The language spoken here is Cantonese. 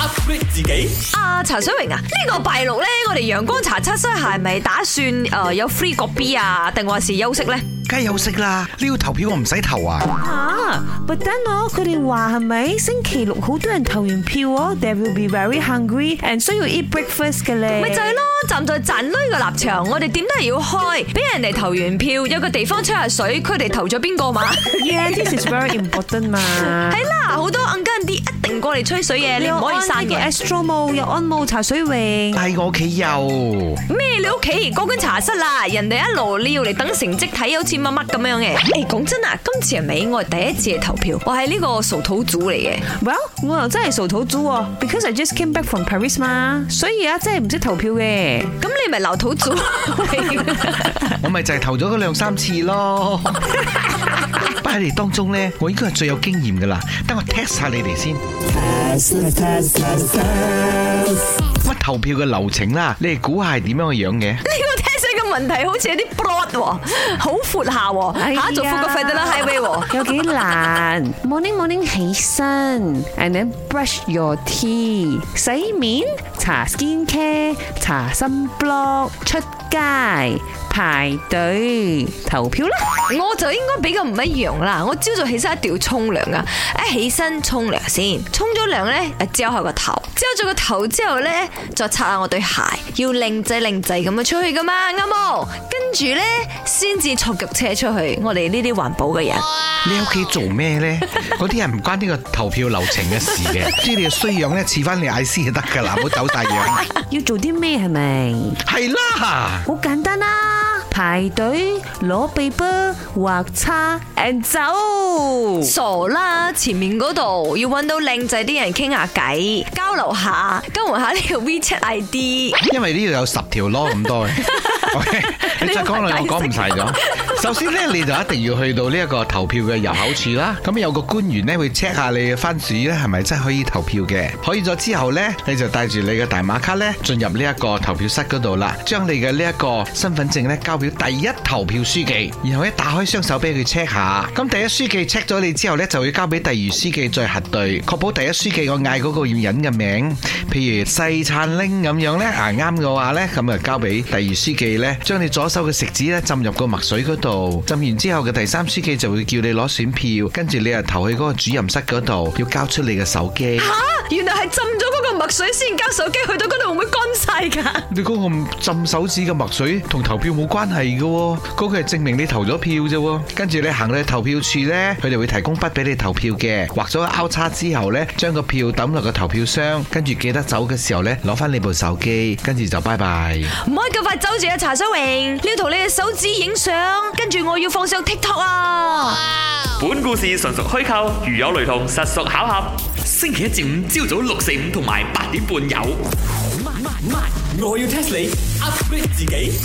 啊，free 自己？阿陳水榮啊，呢、啊這個禮拜六咧，我哋陽光茶出西係咪打算誒、呃、有 free 個 B 啊，定還是休息咧？梗係休息啦，你要投票我唔使投啊。啊，but then 等我，佢哋話係咪星期六好多人投完票啊 There will be very hungry and 需、so、要 eat breakfast 嘅咧。咪就係咯，站在站呢嘅立場，我哋點都係要開，俾人哋投完票，有個地方吹下水，佢哋投咗邊個嘛 Yes this is very important 嘛。係 啦，好多 e 啲。過嚟吹水嘅，你唔可以散嘅。Extra 冒又按摩、茶水泳但係我屋企又咩？你屋企嗰間茶室啦，人哋一路你要嚟等成績睇，好似乜乜咁樣嘅。誒，講真啊，今次係咪我係第一次嚟投票？我係呢個傻土組嚟嘅。Well，我又真係傻土組，because I just came back from Paris 嘛。所以啊，真係唔識投票嘅。咁你咪留土組， 我咪就係投咗嗰兩三次咯。 喺你哋當中咧，我應該係最有經驗噶啦。等我 test 下你哋先。乜投票嘅流程啦？你哋估下係點樣嘅樣嘅？問題好似有啲 blood 好闊下喎，嚇做副骨肺得啦，係咪喎？有幾難？Morning，Morning 起身，and then brush your teeth，洗面，搽 Skin Care，搽心 Blog，出街排隊投票啦！我就應該比較唔一樣啦，我朝早起身一定要沖涼噶，一起身沖涼先，沖咗涼咧，朝下個頭，朝咗個頭之後咧，再擦下我對鞋，要靚仔靚仔咁樣出去噶嘛，啱啱？跟住咧，先至坐腳車出去我。我哋呢啲環保嘅人，你屋企做咩咧？嗰啲人唔關呢個投票流程嘅事嘅，即係需要咧，賜翻你 I C 就得噶啦，唔好走大樣。要做啲咩係咪？係啦，好簡單啦，啊，排隊攞臂波劃叉 and 走，傻啦！前面嗰度要搵到靚仔啲人傾下偈，交流下，交換下呢個 WeChat ID。因為呢度有十條咯，咁多嘅。OK，你真係講啦，我講唔齊咗。首先咧，你就一定要去到呢一個投票嘅入口處啦。咁有個官員咧會 check 下你嘅番薯咧係咪真係可以投票嘅。可以咗之後咧，你就帶住你嘅大馬卡咧進入呢一個投票室嗰度啦。將你嘅呢一個身份證咧交俾第一投票書記，然後咧打開雙手俾佢 check 下。咁第一書記 check 咗你之後咧，就會交俾第二書記再核對，確保第一書記我嗌嗰個嫌人嘅名，譬如細燦拎咁樣咧，啊啱嘅話咧，咁啊交俾第二書記咧，將你左手嘅食指咧浸入個墨水嗰度。浸完之後嘅第三書記就會叫你攞選票，跟住你又投去嗰個主任室嗰度，要交出你嘅手機。吓、啊，原來係浸咗嗰個墨水先交手機，去到嗰度會唔會乾晒噶？你嗰個浸手指嘅墨水同投票冇關係嘅、哦，嗰、那個係證明你投咗票啫。跟住你行到投票處咧，佢哋會提供筆俾你投票嘅，畫咗個叉之後咧，將個票抌落個投票箱，跟住記得走嘅時候咧，攞翻你部手機，跟住就拜拜。唔可以咁快走住啊，查生榮，你要同你嘅手指影相。跟住我要放上 TikTok 啊、Wow！本故事純屬虛構，如有雷同，實屬巧合。星期一至五朝早六四五同埋八點半有。Oh, my, my, my. 我要 test 你，upgrade 自己。